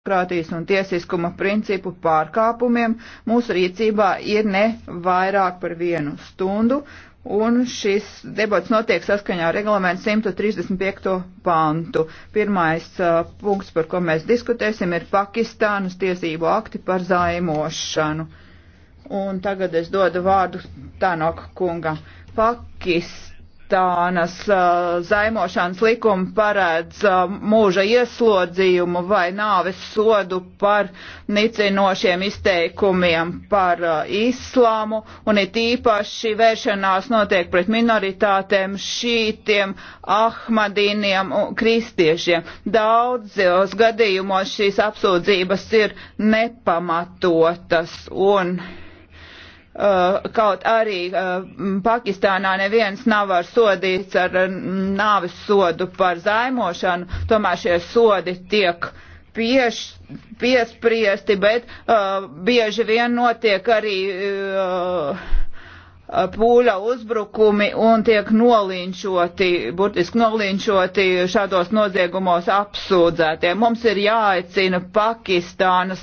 demokrātijas un tiesiskuma principu pārkāpumiem mūsu rīcībā ir ne vairāk par vienu stundu, un šis debats notiek saskaņā ar reglamentu 135. pantu. Pirmais uh, punkts, par ko mēs diskutēsim, ir Pakistānas tiesību akti par zaimošanu. Un tagad es dodu vārdu Tanok kungam. Pakistāna. Afganistānas eh, zaimošanas likuma paredz eh, mūža ieslodzījumu vai nāves sodu par nicinošiem izteikumiem par eh, islāmu, un it īpaši vēršanās notiek pret minoritātēm, šītiem, ahmadīniem un kristiešiem. Daudzos gadījumos šīs apsūdzības ir nepamatotas un Eh, kaut arī eh, Pakistānā neviens nav ar sodīts ar eh, nāvis sodu par zaimošanu, tomēr šie sodi tiek pieš, piespriesti, bet uh, bieži vien notiek arī uh, Uh, pūļa uzbrukumi un tiek nolīņšoti, burtiski nolīņšoti šādos noziegumos apsūdzētie. Mums ir jāaicina Pakistānas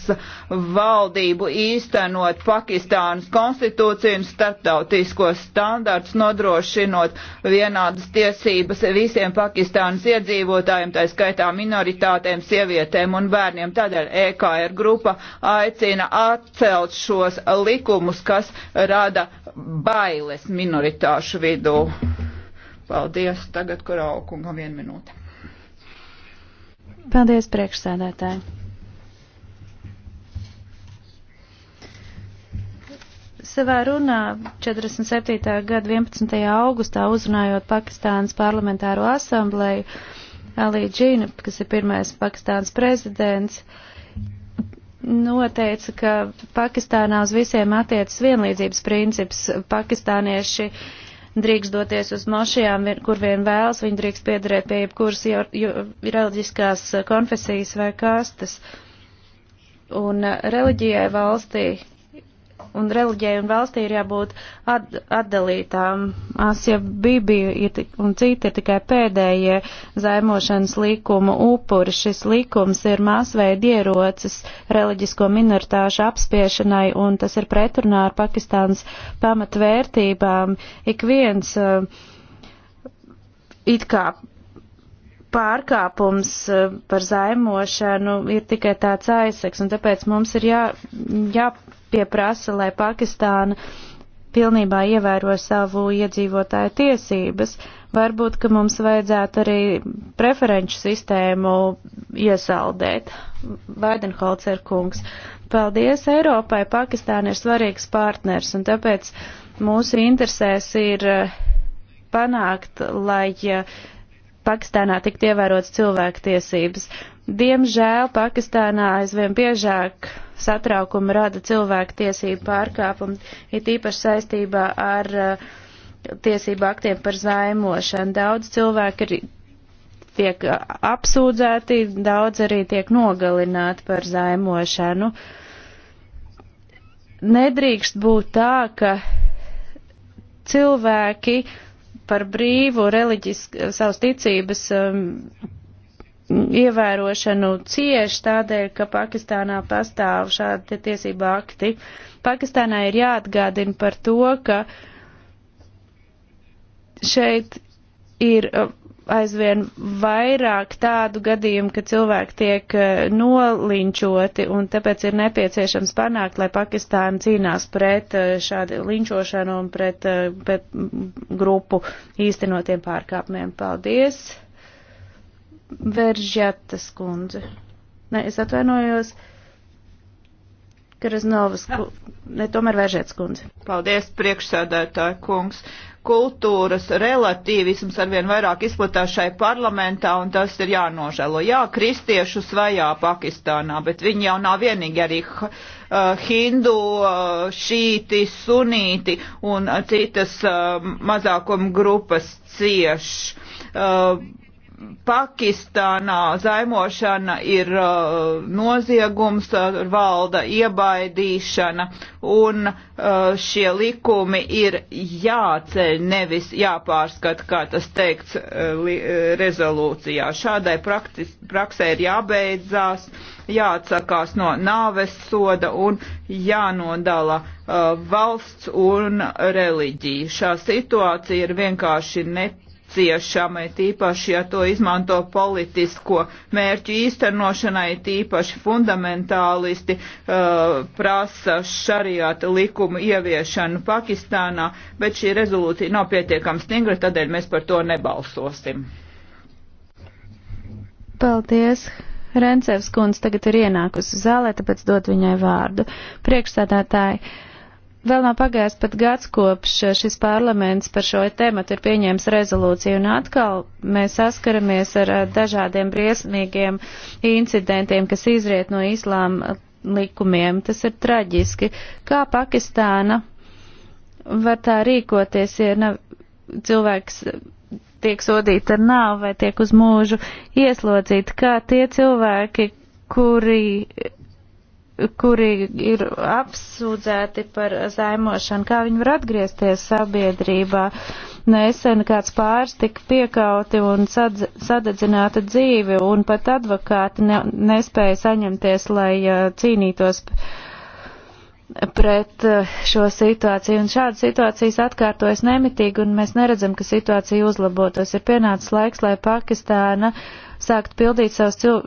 valdību īstenot Pakistānas konstitūciju un starptautiskos standarts, nodrošinot vienādas tiesības visiem Pakistānas iedzīvotājiem, tā skaitā minoritātēm, sievietēm un bērniem. Tādēļ EKR grupa aicina atcelt šos likumus, kas rada bailes minoritāšu vidū. Paldies, tagad Koraukungam vienu minūti. Paldies, priekšsēdētāji. savā runā 47. gada 11. augustā uzrunājot Pakistānas parlamentāro asambleju, Alī Džīna, kas ir pirmais Pakistānas prezidents, noteica, ka Pakistānā uz visiem attiecas vienlīdzības princips. Pakistānieši drīkst doties uz mošajām, kur vien vēlas, viņi drīkst piedarēt pie jebkuras reliģiskās konfesijas vai kastas. Un eh, reliģijai valstī un reliģijai un valstī ir jābūt at, atdalītām. Asja Bībija un citi ir tikai pēdējie zaimošanas likuma upuri. Šis likums ir masveidi ierocis reliģisko minoritāšu apspiešanai, un tas ir pretrunā ar Pakistānas pamatvērtībām. Ik viens eh, it kā pārkāpums eh, par zaimošanu ir tikai tāds aizseks, un tāpēc mums ir jā, jā pieprasa, lai Pakistāna pilnībā ievēro savu iedzīvotāju tiesības. Varbūt, ka mums vajadzētu arī preferenču sistēmu iesaldēt. Vaidenholzer kungs, paldies Eiropai, Pakistāna ir svarīgs partners, un tāpēc mūsu interesēs ir eh, panākt, lai eh, Pakistānā tiktu ievērots cilvēktiesības. Diemžēl Pakistānā aizvien biežāk satraukumu rada cilvēku tiesību pārkāpumi, it īpaši saistībā ar uh, tiesību aktiem par zaimošanu. Daudz cilvēku ir tiek uh, apsūdzēti, daudz arī tiek nogalināti par zaimošanu. Nedrīkst būt tā, ka cilvēki par brīvu reliģis, savas ticības um, ievērošanu cieši tādēļ, ka Pakistānā pastāv šādi tiesība akti. Pakistānā ir jāatgādina par to, ka šeit ir uh, aizvien vairāk tādu gadījumu, ka cilvēki tiek uh, nolinčoti, un tāpēc ir nepieciešams panākt, lai Pakistāna cīnās pret uh, šādu linčošanu un pret, pret grupu īstenotiem pārkāpumiem. Paldies! Veržjatas kundze. Nē, es atvainojos. Krasnovas, ne tomēr vēršēts kundze. Paldies, priekšsēdētāji kungs. Kultūras relatīvisms arvien vairāk izplatās šai parlamentā, un tas ir jānožēlo. Jā, kristiešu svajā Pakistānā, bet viņi jau nav vienīgi arī uh, hindu, uh, šīti, sunīti un citas uh, mazākuma grupas cieš. Uh, Pakistānā zaimošana ir uh, noziegums, uh, valda iebaidīšana, un uh, šie likumi ir jāceļ, nevis jāpārskata, kā tas teikts uh, uh, rezolūcijā. Šādai praktis, praksē ir jābeidzās, jāatsakās no nāves soda un jānodala uh, valsts un reliģija. Šā situācija ir vienkārši nepārskata nepieciešami, tīpaši, ja to izmanto politisko mērķu īstenošanai, tīpaši fundamentālisti uh, prasa šariāta likumu ieviešanu Pakistānā, bet šī rezolūcija nav pietiekami stingra, tādēļ mēs par to nebalsosim. Paldies! Rencevs kundze tagad ir ienākusi zālē, tāpēc dod viņai vārdu. Priekšsēdētāji, uh, Vēl nav pagājis pat gads, kopš eh, šis parlaments par šo tēmatu ir pieņēmis rezolūciju, un atkal mēs saskaramies ar eh, dažādiem briesmīgiem incidentiem, kas izriet no islāma eh, likumiem. Tas ir traģiski. Kā Pakistāna var tā rīkoties, ja nav, cilvēks tiek sodīti ar nāvu vai tiek uz mūžu ieslodzīti? Kā tie cilvēki, kuri kuri ir apsūdzēti par zaimošanu, kā viņi var atgriezties sabiedrībā. Nesen kāds pāris tika piekauti un sadz, sadedzināta dzīve, un pat advokāti ne, nespēja saņemties, lai uh, cīnītos pret uh, šo situāciju. Un šāda situācijas atkārtojas nemitīgi, un mēs neredzam, ka situācija uzlabotos. Ir pienācis laiks, lai Pakistāna uh, sākt pildīt savas cil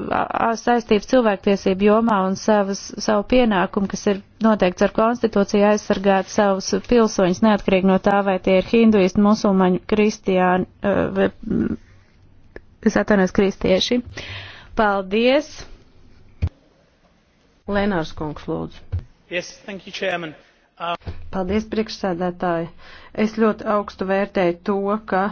saistības cilvēktiesību jomā un savas, savu pienākumu, kas ir noteikts ar konstitūciju, aizsargāt savus pilsoņus, neatkarīgi no tā, vai tie ir hinduisti, musulmaņi, kristiāni, vai, mm, es atvainojos, kristieši. Paldies! Lenārs Kungs, lūdzu. Yes, thank you, Chairman. Uh... Paldies, priekšsēdētāji. Es ļoti augstu vērtēju to, ka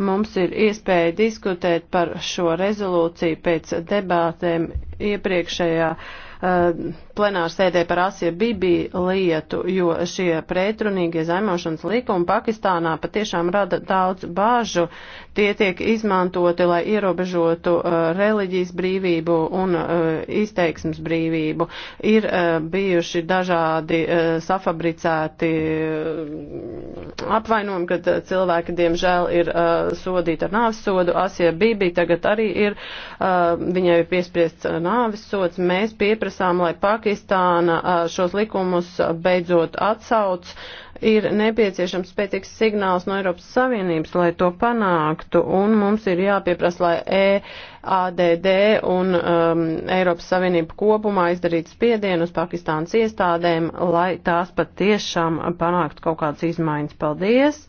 Mums ir iespēja diskutēt par šo rezolūciju pēc debātēm iepriekšējā uh, eh, plenārsēdē par Asie Bibi lietu, jo šie pretrunīgie zaimošanas likumi Pakistānā patiešām rada daudz bāžu. Tie tiek izmantoti, lai ierobežotu uh, reliģijas brīvību un uh, izteiksmes brīvību. Ir uh, bijuši dažādi uh, safabricēti uh, apvainojumi, kad uh, cilvēki, diemžēl, ir uh, sodīti ar nāves sodu. Asie Bibi tagad arī ir, uh, viņai ir piespriests uh, nāves sods. Mēs pieprasām, lai Pakistāna uh, šos likumus beidzot atsauc. Uh, ir nepieciešams spēcīgs signāls no Eiropas Savienības, lai to panāktu, un mums ir jāpieprasa, lai EADD un um, Eiropas Savienība kopumā izdarītu spiedienu uz Pakistānas iestādēm, lai tās pat tiešām panāktu kaut kādas izmaiņas. Paldies!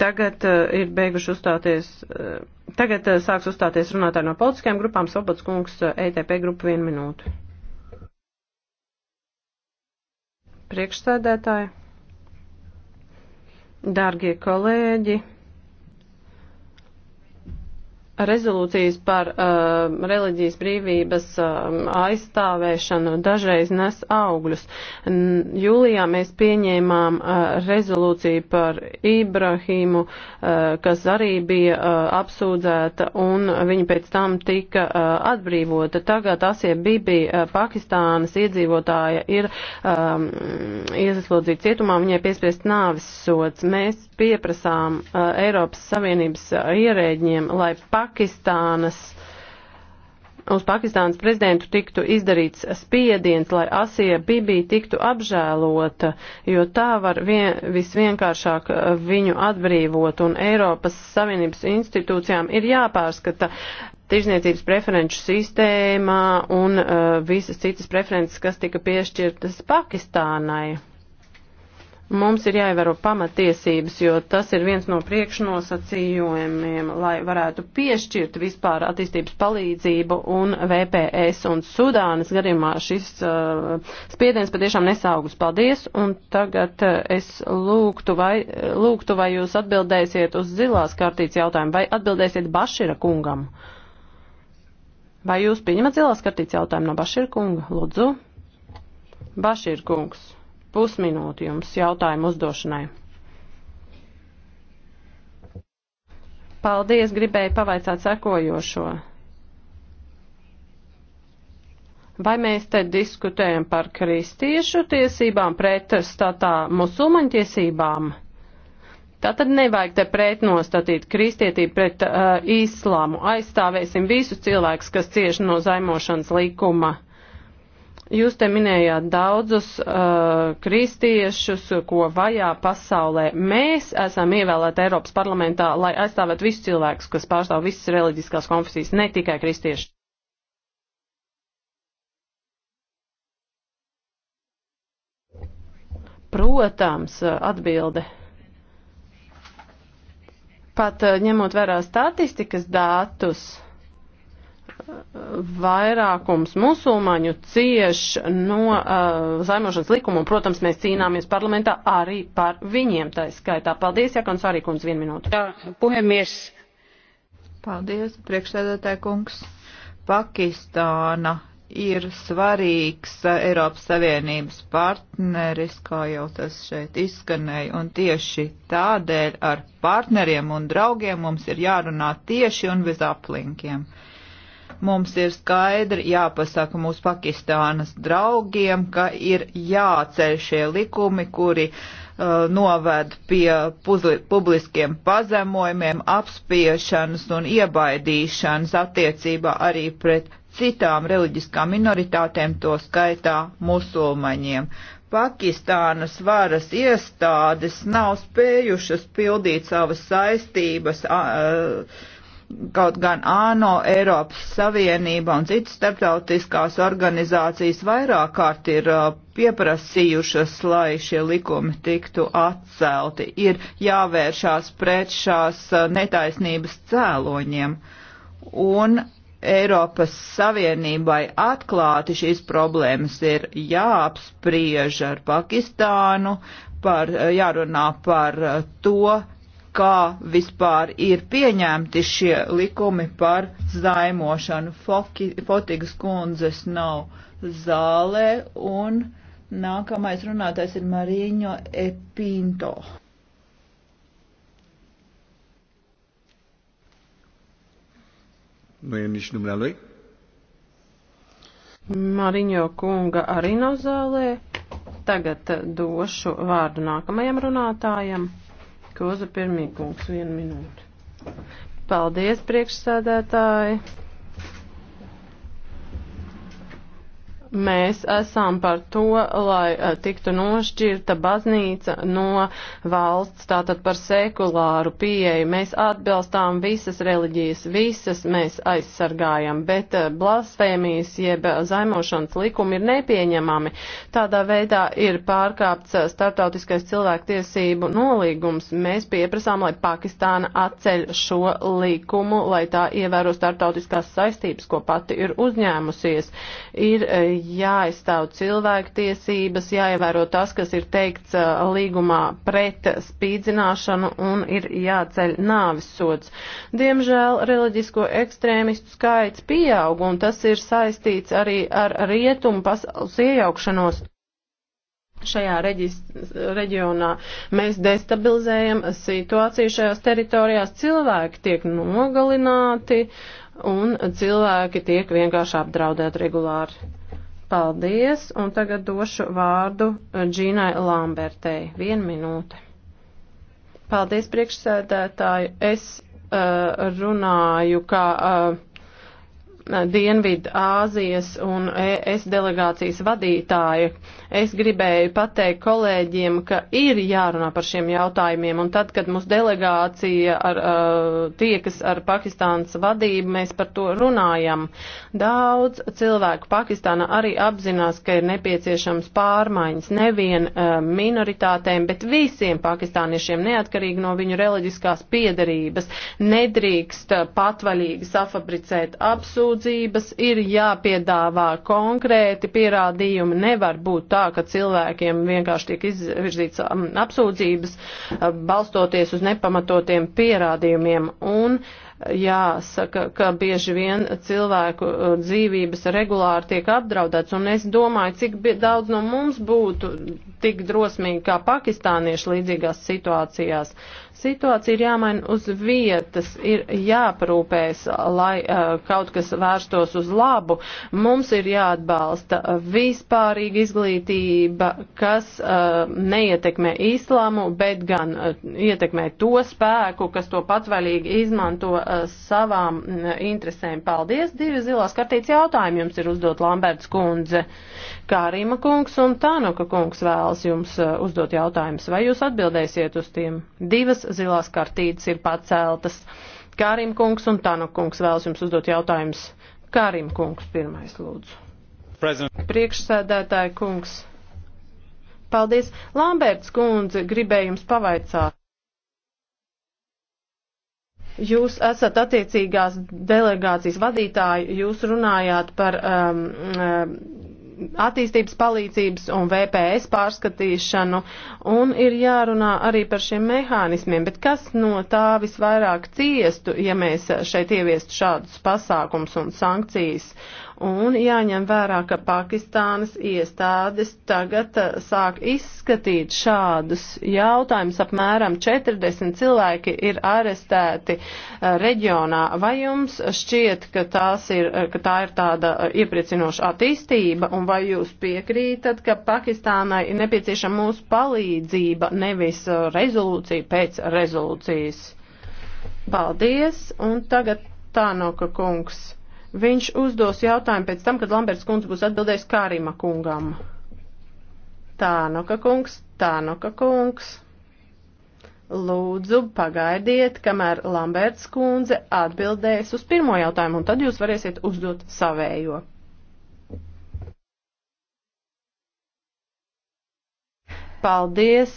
Tagad uh, ir beiguši uzstāties, uh, tagad uh, sāks uzstāties runātāji no politiskajām grupām, Sobats kungs, uh, ETP grupa vienu minūtu. priekšsēdētāji, dārgie kolēģi! rezolūcijas par uh, reliģijas brīvības uh, aizstāvēšanu dažreiz nes augļus. N jūlijā mēs pieņēmām uh, rezolūciju par Ibrahīmu, uh, kas arī bija uh, apsūdzēta un viņa pēc tam tika uh, atbrīvota. Tagad Asie Bibi, uh, Pakistānas iedzīvotāja, ir um, ieslodzīta cietumā, viņai piespiest nāvis sots. Mēs pieprasām uh, Eiropas Savienības uh, ierēģiem, lai Pakistāna Pakistānas uz Pakistānas prezidentu tiktu izdarīts spiediens, lai Asija Bibī tiktu apžēlota, jo tā var vien, visvienkāršāk eh, viņu atbrīvot, un Eiropas Savienības institūcijām ir jāpārskata tirzniecības preferenču sistēmā un uh, visas citas preferences, kas tika piešķirtas Pakistānai. Mums ir jāievēro pamatiesības, jo tas ir viens no priekšnosacījumiem, lai varētu piešķirt vispār attīstības palīdzību un VPS un Sudānas gadījumā šis uh, spiediens patiešām nesaugus. Paldies, un tagad uh, es lūgtu vai, lūgtu, vai jūs atbildēsiet uz zilās kartītes jautājumu, vai atbildēsiet Bašira kungam. Vai jūs pieņemat zilās kartītes jautājumu no Bašira kunga? Lūdzu. Bašir kungs. Pusminūti jums jautājumu uzdošanai. Paldies, gribēju pavaicāt sekojošo. Vai mēs te diskutējam par kristiešu tiesībām pretstatā musulmaņu tiesībām? Tā tad nevajag te pretnostatīt kristietību pret uh, islāmu. Aizstāvēsim visus cilvēkus, kas cieši no zaimošanas likuma. Jūs te minējāt daudzus uh, kristiešus, ko vajā pasaulē. Mēs esam ievēlēti Eiropas parlamentā, lai aizstāvētu visus cilvēkus, kas pārstāv visas reliģiskās konfesijas, ne tikai kristiešus. Protams, atbilde pat uh, ņemot vērā statistikas datus, vairākums musulmaņu cieš no uh, zaimošanas likuma, un, protams, mēs cīnāmies parlamentā arī par viņiem tā skaitā. Paldies, Jakons Arīkums, vienu minūtu. Jā, puhemies. Paldies, priekšsēdētāji kungs. Pakistāna ir svarīgs uh, Eiropas Savienības partneris, kā jau tas šeit izskanēja, un tieši tādēļ ar partneriem un draugiem mums ir jārunā tieši un bez aplinkiem. Uh, Mums ir skaidri jāpasaka mūsu Pakistānas draugiem, ka ir jāceļ šie likumi, kuri uh, noved pie puzli, publiskiem pazemojumiem, apspiešanas un iebaidīšanas attiecībā arī pret citām reliģiskām minoritātēm, to skaitā musulmaņiem. Pakistānas varas iestādes nav spējušas pildīt savas saistības. Uh, Kaut gan ANO, Eiropas Savienība un citas starptautiskās organizācijas vairāk kārt ir uh, pieprasījušas, lai šie likumi tiktu atcelti. Ir jāvēršās pret šās uh, netaisnības cēloņiem. Un Eiropas Savienībai atklāti šīs problēmas ir jāapspriež ar Pakistānu, par, uh, jārunā par to, kā vispār ir pieņemti šie likumi par zaimošanu. Foki, Fotigas kundzes nav zālē un nākamais runātais ir Mariņo Epinto. Nu, ja viņš nu nelai. Mariņo kunga arī nav zālē. Tagad došu vārdu nākamajam runātājam. Toza pirmīkums, vienu minūti. Paldies, priekšsēdētāji! Mēs esam par to, lai eh, tiktu nošķirta baznīca no valsts, tātad par sekulāru pieeju. Mēs atbalstām visas reliģijas, visas mēs aizsargājam, bet eh, blasfēmijas jeb zaimošanas likumi ir nepieņemami. Tādā veidā ir pārkāpts eh, startautiskais cilvēktiesību nolīgums. Mēs pieprasām, lai Pakistāna atceļ šo likumu, lai tā ievēro startautiskās saistības, ko pati ir uzņēmusies. Ir, jāizstāv cilvēktiesības, jāievēro tas, kas ir teikts uh, līgumā pret spīdzināšanu un ir jāceļ nāvisots. Diemžēl reliģisko ekstrēmistu skaits pieaug un tas ir saistīts arī ar rietumu pasaules iejaukšanos. Šajā reģis, reģionā mēs destabilizējam situāciju šajās teritorijās, cilvēki tiek nogalināti, uh, un cilvēki tiek vienkārši apdraudēti regulāri. Paldies, un tagad došu vārdu Džīnai Lambertei. Vienu minūti. Paldies, priekšsēdētāji. Es uh, runāju, kā. Uh, Dienvidu Āzijas un ES delegācijas vadītāja. Es gribēju pateikt kolēģiem, ka ir jārunā par šiem jautājumiem, un tad, kad mūsu delegācija ar, uh, tiekas ar Pakistānas vadību, mēs par to runājam. Daudz cilvēku Pakistāna arī apzinās, ka ir nepieciešams pārmaiņas nevien uh, minoritātēm, bet visiem pakistāniešiem, neatkarīgi no viņu reliģiskās piedarības, nedrīkst patvaļīgi safabricēt apsūdzības apsūdzības, ir jāpiedāvā konkrēti pierādījumi. Nevar būt tā, ka cilvēkiem vienkārši tiek izvirzīts um, apsūdzības, uh, balstoties uz nepamatotiem pierādījumiem. Un, uh, jāsaka, ka bieži vien cilvēku uh, dzīvības regulāri tiek apdraudēts, un es domāju, cik daudz no mums būtu tik drosmīgi kā pakistānieši līdzīgās situācijās. Situācija ir jāmaina uz vietas, ir jāprūpēs, lai uh, kaut kas vērstos uz labu. Mums ir jāatbalsta vispārīga izglītība, kas uh, neietekmē islāmu, bet gan uh, ietekmē to spēku, kas to patvaļīgi izmanto Eh, savām mm, interesēm. Paldies! Divi zilās kartītes jautājumi jums ir uzdot Lamberts kundze. Kārīma kungs un Tānoka kungs vēlas jums eh, uzdot jautājumus. Vai jūs atbildēsiet uz tiem? Divas zilās kartītes ir paceltas. Kārim kungs un Tanok kungs vēlas jums uzdot jautājumus. Kārim kungs pirmais lūdzu. President. Priekšsēdētāja kungs. Paldies. Lamberts kundze gribēja jums pavaicāt. Jūs esat attiecīgās delegācijas vadītāji, jūs runājāt par um, um attīstības palīdzības un VPS pārskatīšanu, un ir jārunā arī par šiem mehānismiem, bet kas no tā visvairāk ciestu, ja mēs šeit ieviestu šādus pasākums un sankcijas, Un jāņem vērā, ka Pakistānas iestādes tagad eh, sāk izskatīt šādus jautājumus. Apmēram 40 cilvēki ir arestēti eh, reģionā. Vai jums šķiet, ka, ir, eh, ka tā ir tāda iepriecinoša attīstība, un vai jūs piekrītat, ka Pakistānai ir nepieciešama mūsu palīdzība, nevis rezolūcija pēc rezolūcijas? Paldies, un tagad Tānoka kungs. Viņš uzdos jautājumu pēc tam, kad Lamberts kundze būs atbildējis Kārima kungam. Tā no nu ka kungs, tā no nu ka kungs. Lūdzu, pagaidiet, kamēr Lamberts kundze atbildēs uz pirmo jautājumu, un tad jūs varēsiet uzdot savējo. Paldies!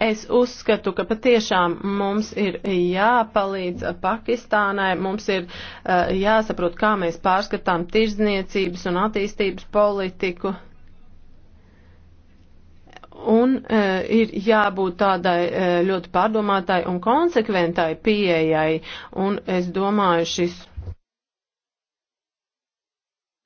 Es uzskatu, ka patiešām mums ir jāpalīdz Pakistānai, mums ir uh, jāsaprot, kā mēs pārskatām tirdzniecības un attīstības politiku. Un uh, ir jābūt tādai uh, ļoti pārdomātai un konsekventai pieejai, un es domāju, šis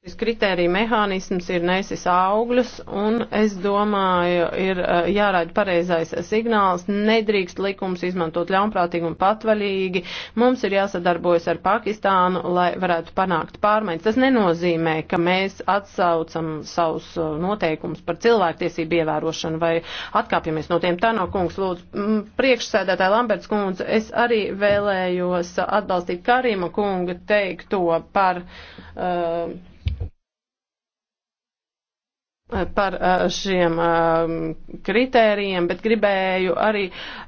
Šis kritērija mehānisms ir nesis augļus, un es domāju, ir eh, jāraida pareizais signāls, nedrīkst likums izmantot ļaunprātīgi un patvaļīgi, mums ir jāsadarbojas ar Pakistānu, lai varētu panākt pārmaiņas. Tas nenozīmē, ka mēs atsaucam savus eh, noteikumus par cilvēktiesību ievērošanu vai atkāpjamies no tiem. Tā nav kungs, lūdzu, mm, priekšsēdētāja Lamberts kundze, es arī vēlējos atbalstīt Karima kunga teikto par. Uh, par eh, šiem eh, kritērijiem, bet gribēju arī eh,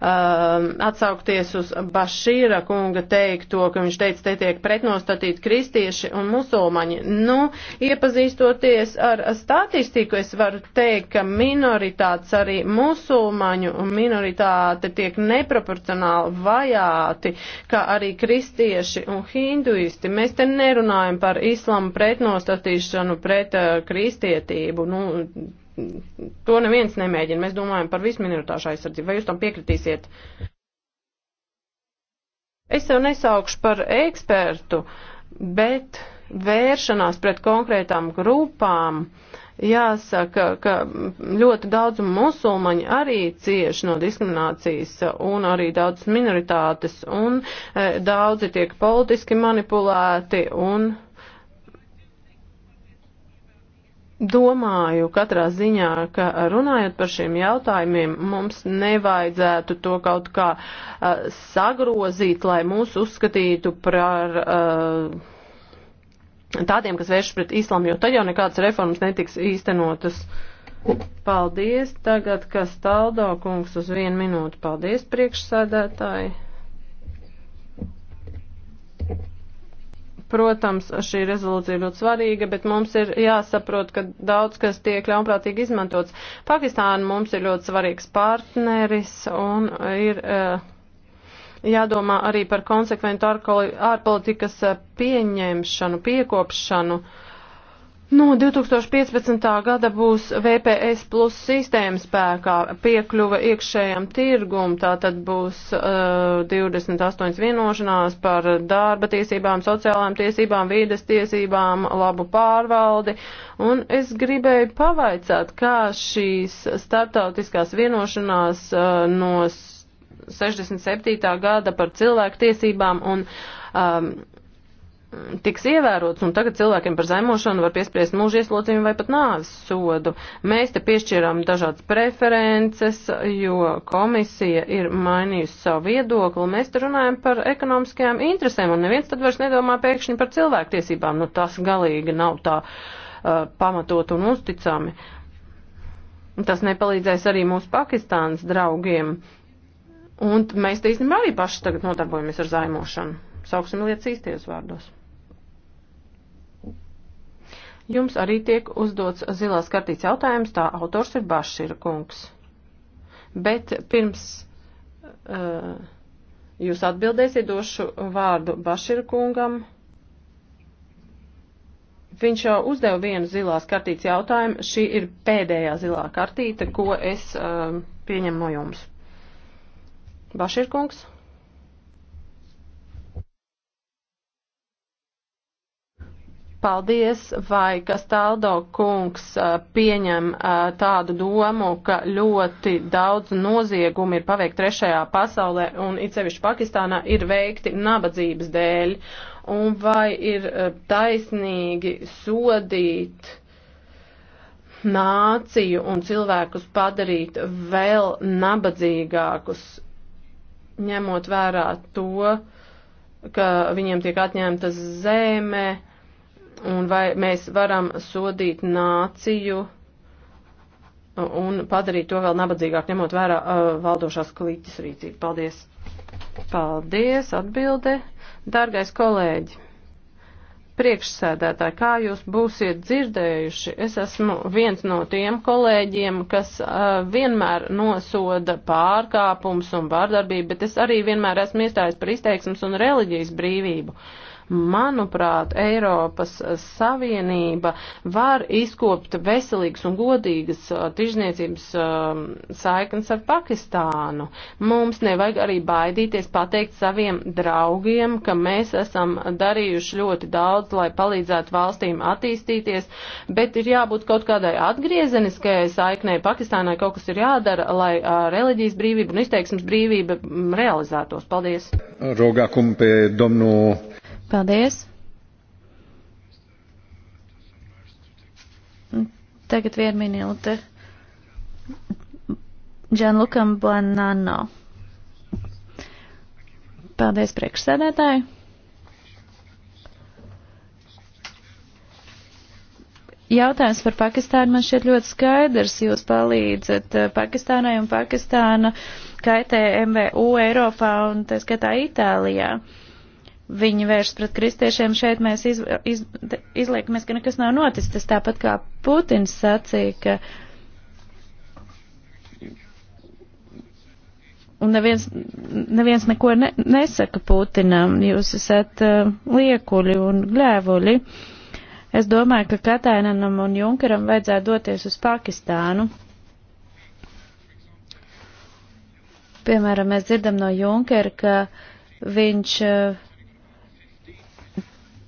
atsaukties uz Bašīra kunga teikto, ka viņš teica, te tiek pretnostatīti kristieši un musulmaņi. Nu, iepazīstoties ar statistiku, es varu teikt, ka minoritātes arī musulmaņu un minoritāte tiek neproporcionāli vajāti, kā arī kristieši un hinduisti. Mēs te nerunājam par islamu pretnostatīšanu pret kristietību. Nu, nu, to neviens nemēģina. Mēs domājam par visminoritāšu aizsardzību. Vai jūs tam piekritīsiet? Es sev nesaukšu par ekspertu, bet vēršanās pret konkrētām grupām, jāsaka, ka ļoti daudz musulmaņi arī cieš no diskriminācijas un arī daudz minoritātes un e, daudzi tiek politiski manipulēti un. Domāju katrā ziņā, ka runājot par šiem jautājumiem, mums nevajadzētu to kaut kā uh, sagrozīt, lai mūs uzskatītu par uh, tādiem, kas vēršas pret islāmu, jo tad jau nekādas reformas netiks īstenotas. Paldies, tagad, kas taldo kungs uz vienu minūtu. Paldies, priekšsēdētāji. Protams, šī rezolūcija ir ļoti svarīga, bet mums ir jāsaprot, ka daudz kas tiek ļaunprātīgi izmantots. Pakistāna mums ir ļoti svarīgs partneris un ir eh, jādomā arī par konsekventu ārpolitikas eh, pieņemšanu, piekopšanu. Uh, No nu, 2015. gada būs VPS plus sistēma spēkā, piekļuva iekšējam tirgum, tā tad būs uh, 28 vienošanās par darba tiesībām, sociālām tiesībām, vīdes tiesībām, labu pārvaldi. Un es gribēju pavaicāt, kā šīs startautiskās vienošanās uh, no 67. gada par cilvēku tiesībām un um, tiks ievērots, un tagad cilvēkiem par zaimošanu var piespriest mūža ieslodzījumu vai pat nāves sodu. Mēs te piešķirām dažādas preferences, jo komisija ir mainījusi savu viedokli, un mēs te runājam par ekonomiskajām interesēm, un neviens tad vairs nedomā pēkšņi par cilvēktiesībām. Nu, tas galīgi nav tā uh, pamatot un uzticami. Tas nepalīdzēs arī mūsu Pakistānas draugiem. Un mēs te īstenībā arī paši tagad nodarbojamies ar zaimošanu. Sauksim lietas īstajos vārdos. Jums arī tiek uzdots zilās kartītes jautājums, tā autors ir Bašīra kungs. Bet pirms uh, jūs atbildēsiet, došu vārdu Bašīra kungam. Viņš jau uzdeva vienu zilās kartītes jautājumu. Šī ir pēdējā zilā kartīte, ko es uh, pieņemu no jums. Bašīra kungs. Paldies, vai Kastaldo kungs pieņem tādu domu, ka ļoti daudz noziegumu ir paveikt trešajā pasaulē un it sevišķi Pakistānā ir veikti nabadzības dēļ, un vai ir taisnīgi sodīt nāciju un cilvēkus padarīt vēl nabadzīgākus, ņemot vērā to, ka viņiem tiek atņemtas zeme, un vai mēs varam sodīt nāciju un padarīt to vēl nabadzīgāk, ņemot vērā uh, valdošās klīķis rīcību. Paldies! Paldies, atbilde. Dargais kolēģi, priekšsēdētāji, kā jūs būsiet dzirdējuši, es esmu viens no tiem kolēģiem, kas uh, vienmēr nosoda pārkāpums un vārdarbību, bet es arī vienmēr esmu iestājis par izteiksmes un reliģijas brīvību. Uh, Manuprāt, Eiropas Savienība var izkopt veselīgas un godīgas uh, tirzniecības um, saiknes ar Pakistānu. Mums nevajag arī baidīties pateikt saviem draugiem, ka mēs esam darījuši ļoti daudz, lai palīdzētu valstīm attīstīties, bet ir jābūt kaut kādai atgriezeniskajai saiknei. Pakistānai kaut kas ir jādara, lai uh, reliģijas brīvība un izteiksmes brīvība mm, realizētos. Paldies! Rogā, kumpē, domnu... Paldies! Tagad vienu minūte. Džanlukam Buonanno. Paldies priekšsēdētāji. Jautājums par Pakistānu man šķiet ļoti skaidrs. Jūs palīdzat eh, Pakistānai un Pakistāna kaitē MVU Eiropā un tā skatā Itālijā. Uh, viņi vērš pret kristiešiem, šeit mēs iz, iz, izliekamies, ka nekas nav noticis. Tas tāpat kā Putins sacīja, ka. Un neviens, neviens neko ne, nesaka Putinam, jūs esat uh, liekuļi un gļēvuļi. Es domāju, ka Katainanam un Junkaram vajadzētu doties uz Pakistānu. Piemēram, mēs dzirdam no Junkera, ka viņš uh,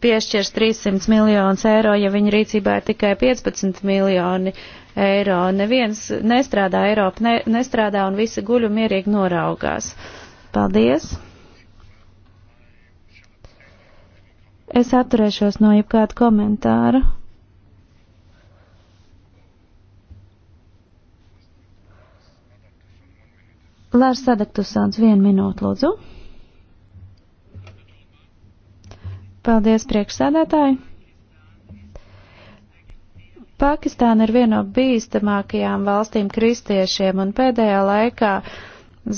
piešķirs 300 miljonus eiro, ja viņa rīcībā ir tikai 15 miljoni eiro. Neviens nestrādā, Eiropa ne, nestrādā un visi guļu mierīgi noraugās. Paldies! Es atturēšos no jebkāda komentāra. Lārs Sadaktusāns, vienu minūtu, lūdzu. Paldies, priekšsēdētāji! Pakistāna ir viena no bīstamākajām valstīm kristiešiem, un pēdējā laikā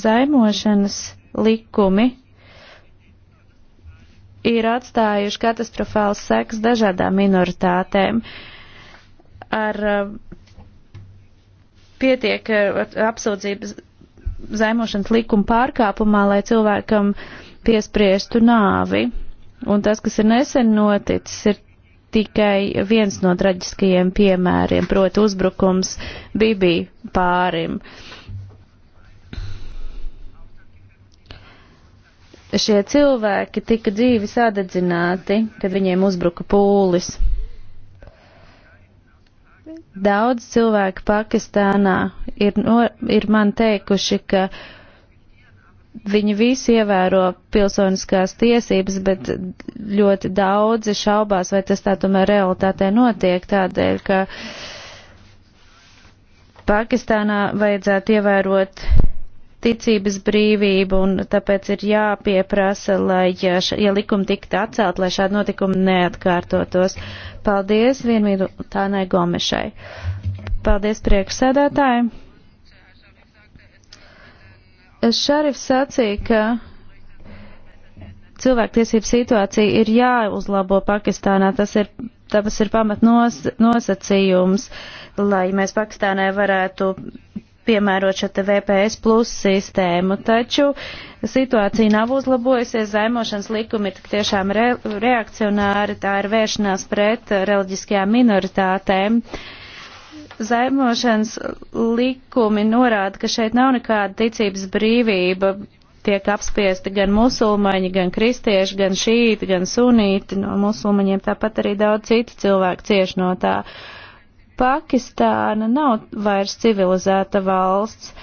zaimošanas likumi ir atstājuši katastrofāls seks dažādām minoritātēm. Ar uh, pietiek uh, apsūdzības zaimošanas likuma pārkāpumā, lai cilvēkam piespriestu nāvi. Un tas, kas ir nesen noticis, ir tikai viens no traģiskajiem piemēriem, proti uzbrukums Bibi pārim. Šie cilvēki tika dzīvi sadedzināti, kad viņiem uzbruka pūlis. Daudz cilvēku Pakistānā ir, no, ir man teikuši, ka uh, viņi visi ievēro pilsoniskās tiesības, bet ļoti daudzi šaubās, vai tas tā tomēr realitātē notiek tādēļ, ka Pakistānā vajadzētu ievērot ticības brīvību un tāpēc ir jāpieprasa, lai, ja, ja likumi tiktu atcelt, lai šādi notikumi neatkārtotos. Paldies vienmīdu Tānai Gomešai. Paldies priekšsēdētāji. Šarifs sacīja, ka cilvēktiesību situācija ir jāuzlabo Pakistānā. Tas ir, tāpēc ir pamat nos, nosacījums, lai mēs Pakistānai varētu piemērot šo te VPS plus sistēmu. Taču situācija nav uzlabojusies, zaimošanas likumi ir tiešām re, reakcionāri, tā ir vēršanās pret reliģiskajām minoritātēm. Uh, Zaimošanas likumi norāda, ka šeit nav nekāda ticības brīvība. Tiek apspiesti gan musulmaņi, gan kristieši, gan šīti, gan sunīti. No musulmaņiem tāpat arī daudz citu cilvēku cieši no tā. Pakistāna nav vairs civilizēta valsts.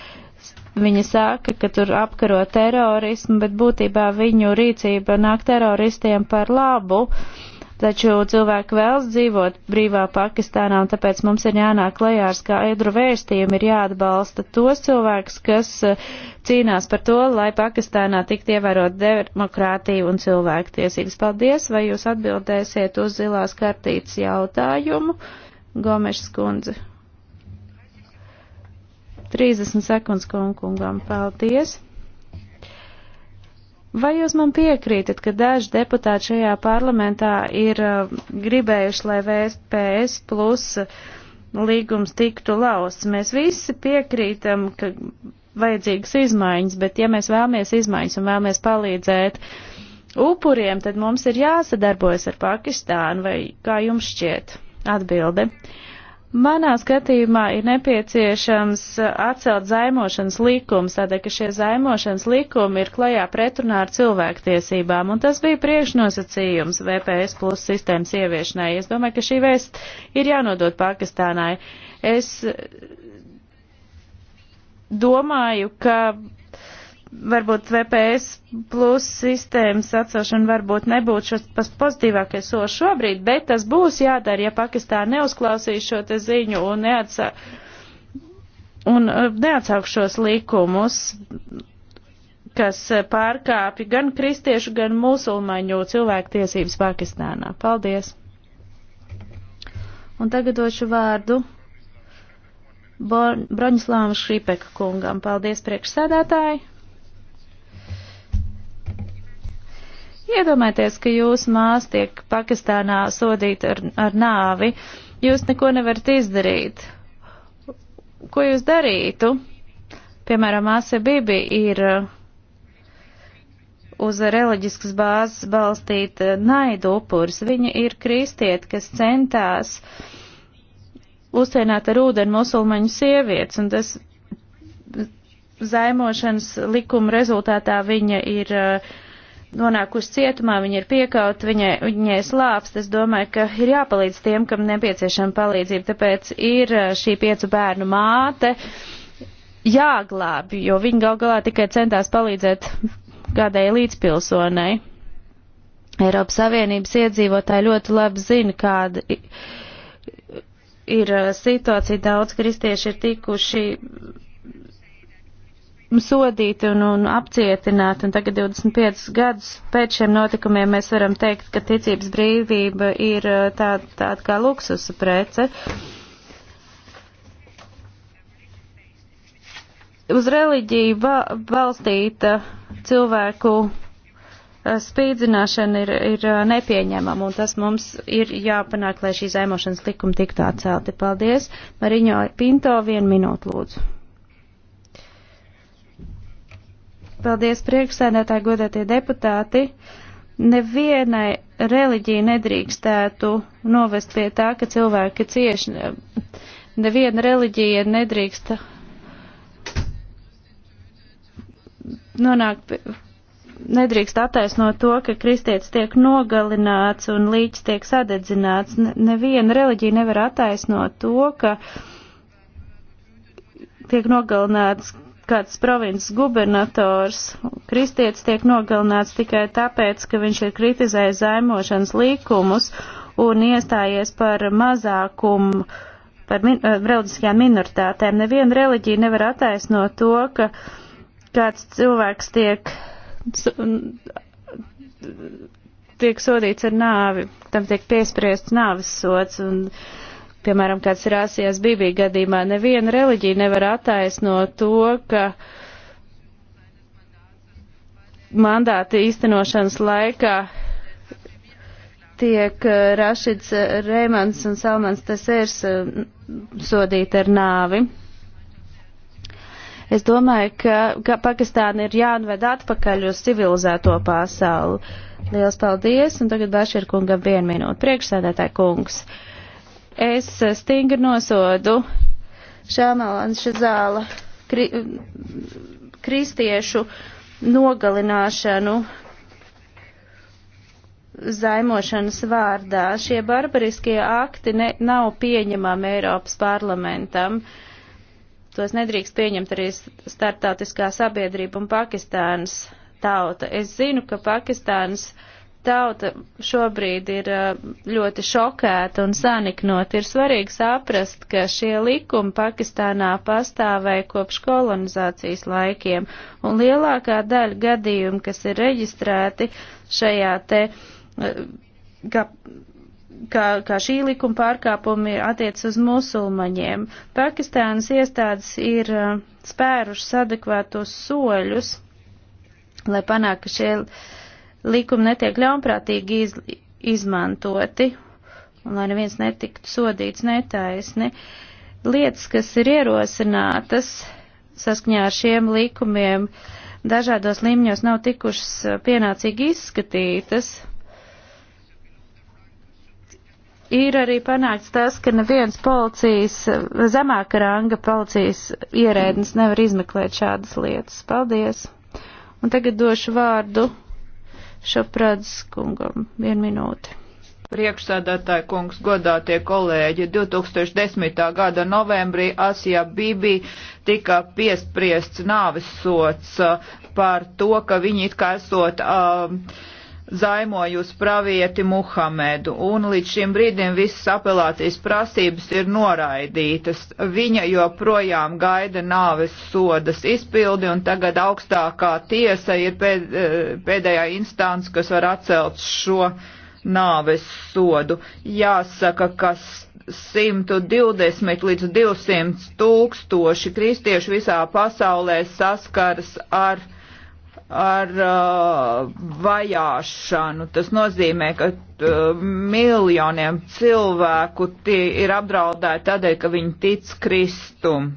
Viņa saka, ka tur apkaro terorismu, bet būtībā viņu rīcība nāk teroristiem par labu. Uh, taču cilvēki vēlas dzīvot brīvā Pakistānā, un tāpēc mums ir jānāk lejā ar skaidru vēstījumu, ir jāatbalsta tos cilvēkus, kas eh, cīnās par to, lai Pakistānā tiktu ievērot demokrātiju un cilvēktiesības. Paldies, vai jūs atbildēsiet uz zilās kartītes jautājumu, Gomešs kundze? 30 sekundes kungam, paldies. Vai jūs man piekrītat, ka daži deputāti šajā parlamentā ir uh, gribējuši, lai VSPS plus uh, līgums tiktu lausts? Mēs visi piekrītam, ka vajadzīgas izmaiņas, bet ja mēs vēlamies izmaiņas un vēlamies palīdzēt upuriem, tad mums ir jāsadarbojas ar Pakistānu vai kā jums šķiet? Atbilde. Uh, Manā skatījumā ir nepieciešams atcelt zaimošanas likums, tādēļ, ka šie zaimošanas likumi ir klajā pretrunā ar cilvēktiesībām, un tas bija priekšnosacījums VPS plus sistēmas ieviešanai. Es domāju, ka šī vēst ir jānodot Pakistānai. Es domāju, ka varbūt VPS plus sistēmas atcelšana varbūt nebūtu šis pozitīvākais solis šobrīd, bet tas būs jādara, ja Pakistāna neuzklausīs šo te ziņu un, neatsā, un uh, neatsaukšos likumus, kas uh, pārkāpja gan kristiešu, gan musulmaņu cilvēku tiesības Pakistānā. Paldies! Un tagad došu vārdu Broņislāvam Šripeka kungam. Paldies priekšsēdētāji! Iedomājieties, ka jūsu mās tiek Pakistānā sodīta ar, ar nāvi, jūs neko nevarat izdarīt. Ko jūs darītu? Piemēram, Asa Bibi ir uz reliģiskas bāzes balstīta naidu upurs. Viņa ir kristiet, kas centās uzcienāt ar ūdeni musulmaņu sievietes, un tas zaimošanas likuma rezultātā viņa ir uh, nonākusi cietumā, viņa ir piekaut, viņai, viņai slāpst. Es domāju, ka ir jāpalīdz tiem, kam nepieciešama palīdzība. Tāpēc ir eh, šī piecu bērnu māte jāglābj, jo viņa gal galā tikai centās palīdzēt kādai līdzpilsonai. Eiropas Savienības iedzīvotāji ļoti labi zina, kāda ir eh, situācija. Daudz kristieši ir tikuši sodīti un, un apcietināti, un tagad 25 gadus pēc šiem notikumiem mēs varam teikt, ka ticības brīvība ir uh, tāda tā kā luksusa prece. Uz reliģiju balstīta cilvēku uh, spīdzināšana ir, ir uh, nepieņemama, un tas mums ir jāpanāk, lai šī zaimošanas likuma tiktu atcelti. Paldies. Mariņo Pinto, vienu minūtu lūdzu. Paldies priekšsēdētāji, godētie deputāti. Nevienai reliģija nedrīkstētu novest pie tā, ka cilvēki cieši. Neviena reliģija nedrīkst nonāk pie, nedrīkst attaisnot to, ka kristietis tiek nogalināts un līķis tiek sadedzināts. Neviena reliģija nevar attaisnot to, ka tiek nogalināts kāds provinces gubernators, kristietis tiek nogalināts tikai tāpēc, ka viņš ir kritizējis zaimošanas līkumus un iestājies par mazākumu, par min, eh, reliģiskajām minoritātēm. Neviena reliģija nevar attaisnot to, ka kāds cilvēks tiek, tiek sodīts ar nāvi, tam tiek piespriests nāvis sots. Un, uh, Piemēram, kāds ir Āsijas Bībī gadījumā, neviena reliģija nevar attaisno to, ka mandāta īstenošanas laikā tiek eh, Rašids eh, Reimans un Salmans Tesers eh, sodīti ar nāvi. Es domāju, ka, ka Pakistāna ir jānved atpakaļ uz civilizēto pasauli. Liels paldies, un tagad Bašir kungam vienu minūtu. Priekšsēdētāji kungs. Uh, Es stingri nosodu Šāmalans Šazāla kri, kristiešu nogalināšanu zaimošanas vārdā. Šie barbariskie akti ne, nav pieņemami Eiropas parlamentam. Tos nedrīkst pieņemt arī starptautiskā sabiedrība un Pakistānas tauta. Es zinu, ka Pakistānas uh, tauta šobrīd ir eh, ļoti šokēta un saniknot. Ir svarīgi saprast, ka šie likumi Pakistānā pastāvēja kopš kolonizācijas laikiem, un lielākā daļa gadījumu, kas ir reģistrēti šajā te, eh, ka, kā, kā šī likuma pārkāpumi attiec uz musulmaņiem. Pakistānas iestādes ir eh, spērušas adekvātos soļus, lai panāk, ka šie likumi netiek ļaunprātīgi iz, izmantoti, un lai neviens netiktu sodīts netaisni. Lietas, kas ir ierosinātas saskaņā ar šiem likumiem, dažādos līmeņos nav tikušas eh, pienācīgi izskatītas. Ir arī panākts tas, ka neviens policijas, eh, zemāka ranga policijas ierēdnis nevar izmeklēt šādas lietas. Paldies! Un tagad došu vārdu Šaprads kungam vienu minūti. Priekšsēdētāji kungs, godātie kolēģi, 2010. gada novembrī Asija Bibi tika piespriests nāvis sots uh, par to, ka viņi it kā esot. Uh, zaimojus pravieti Muhamedu, un līdz šim brīdim visas apelācijas prasības ir noraidītas. Viņa joprojām gaida nāves sodas izpildi, un tagad augstākā tiesa ir eh, pēdējā instance, kas var atcelt šo nāves sodu. Jāsaka, ka 120 līdz 200 tūkstoši kristiešu visā pasaulē saskaras ar ar uh, vajāšanu. Tas nozīmē, ka uh, miljoniem cilvēku ir apdraudēti tādēļ, ka viņi tic Kristum.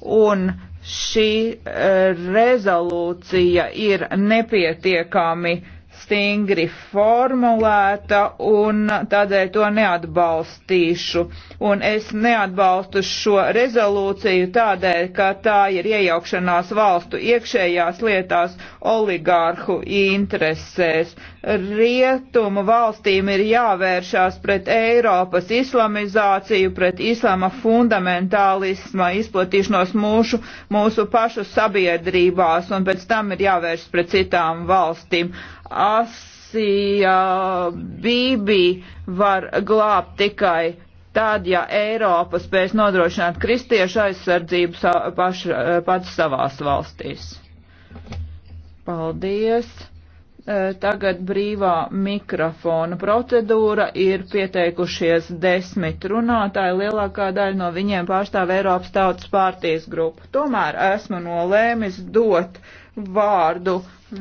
Un šī uh, rezolūcija ir nepietiekami uh, stingri formulēta un tādēļ to neatbalstīšu. Un es neatbalstu šo rezolūciju tādēļ, ka tā ir iejaukšanās valstu iekšējās lietās oligārhu interesēs. Rietumu valstīm ir jāvēršās pret Eiropas islamizāciju, pret islama fundamentālisma izplatīšanos mūsu, mūsu pašu sabiedrībās un pēc tam ir jāvērš pret citām valstīm. Asija Bībī var glābt tikai tad, ja Eiropa spēs nodrošināt kristiešu aizsardzību sa paš, pats savās valstīs. Paldies! E, tagad brīvā mikrofona procedūra ir pieteikušies desmit runātāji, lielākā daļa no viņiem pārstāv Eiropas tautas pārties grupu. Tomēr esmu nolēmis dot uh, vārdu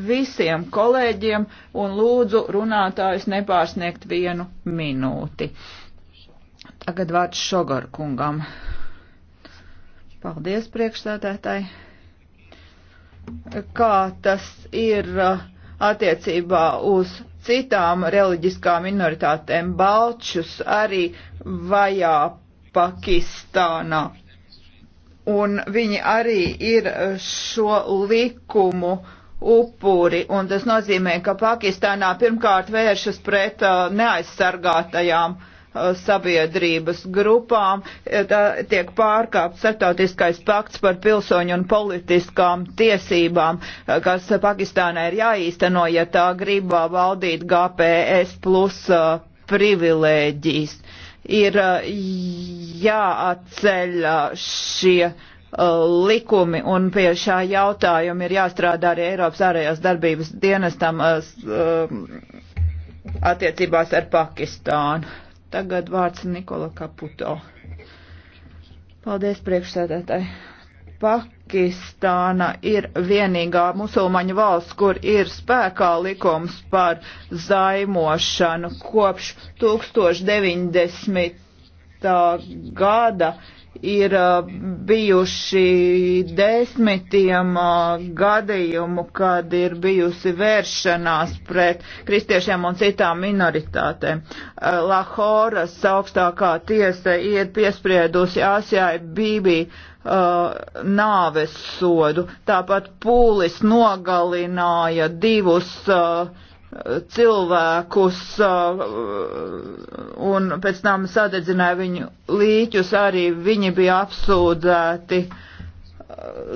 visiem kolēģiem un lūdzu runātājus nepārsniegt vienu minūti. Tagad vārds Šogar kungam. Paldies priekšsēdētāji. Kā tas ir uh, attiecībā uz citām reliģiskām minoritātēm, balčus arī vajā Pakistānā un viņi arī ir šo likumu upuri, un tas nozīmē, ka Pakistānā pirmkārt vēršas pret uh, neaizsargātajām uh, sabiedrības grupām, e, tā tiek pārkāpts starptautiskais pakts par pilsoņu un politiskām tiesībām, uh, kas Pakistānai ir jāīsteno, ja tā grib uh, valdīt GPS plus uh, privilēģijas ir uh, jāatceļ uh, šie uh, likumi un pie šā jautājuma ir jāstrādā arī Eiropas ārējās darbības dienestam um, attiecībās ar Pakistānu. Tagad vārds Nikola Kaputo. Paldies priekšsēdētāji. Pakistāna ir vienīgā musulmaņu valsts, kur ir spēkā likums par zaimošanu kopš 1090. gada ir uh, bijuši desmitiem uh, gadījumu, kad ir bijusi vēršanās pret kristiešiem un citām minoritātēm. Uh, Lahoras augstākā tiesa ir piespriedusi Asijai Bībī nāves sodu, tāpat pūlis nogalināja divus uh, cilvēkus uh, un pēc tam sadedzināja viņu līķus, arī viņi bija apsūdzēti uh,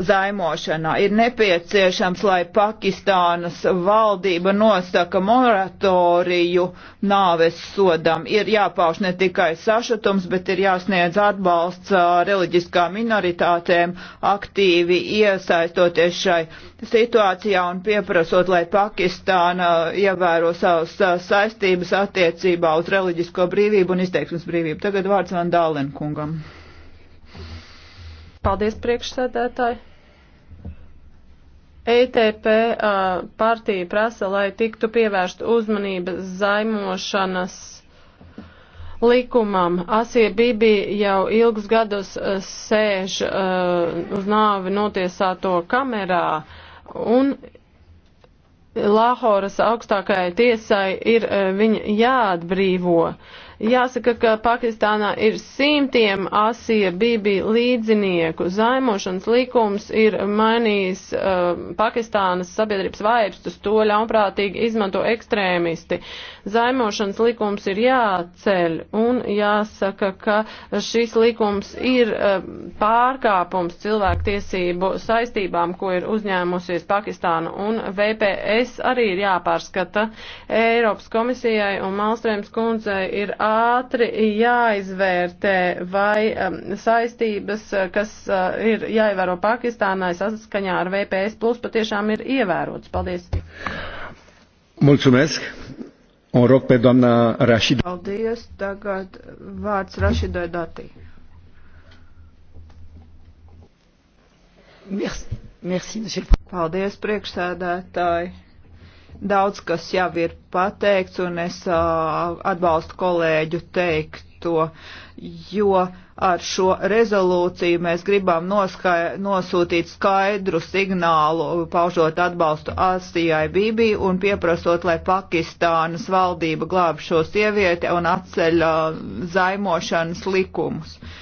zaimošanā. Ir nepieciešams, lai Pakistānas valdība nosaka moratoriju nāves sodam. Ir jāpauš ne tikai sašutums, bet ir jāsniedz atbalsts reliģiskām minoritātēm, aktīvi iesaistoties šai situācijā un pieprasot, lai Pakistāna ievēro savas saistības attiecībā uz reliģisko brīvību un izteiksmes brīvību. Tagad vārds Vandālenkungam. Paldies, priekšsēdētāji. ETP uh, partija prasa, lai tiktu pievērst uzmanība zaimošanas likumam. Asie Bibi jau ilgus gadus sēž uh, uz nāvi notiesāto kamerā un Lahoras augstākajai tiesai ir uh, viņa jāatbrīvo. Uh, Jāsaka, ka Pakistānā ir simtiem Asija Bibi līdzinieku. Zaimošanas likums ir mainījis uh, Pakistānas sabiedrības vaipstus, to ļaunprātīgi izmanto ekstrēmisti. Zaimošanas likums ir jāceļ un jāsaka, ka šis likums ir uh, pārkāpums cilvēktiesību saistībām, ko ir uzņēmusies Pakistāna un VPS arī ir jāpārskata. Eiropas komisijai un Malstrēms kundzei ir ātri jāizvērtē, vai um, saistības, uh, kas uh, ir jāievēro Pakistānai saskaņā ar VPS, plus patiešām ir ievērotas. Paldies! Mulțumesc! Un rog pe doamna Rashid. Paldies! Tagad vārds Rašidai Datī. Merci, merci, Paldies, priekšsēdētāji! Daudz kas jau ir pateikts, un es uh, atbalstu kolēģu teikto, jo ar šo rezolūciju mēs gribam noskai, nosūtīt skaidru signālu, paužot atbalstu Asijai Bībī un pieprasot, lai Pakistānas valdība glāb šo sievieti un atceļ uh, zaimošanas likumus. Uh,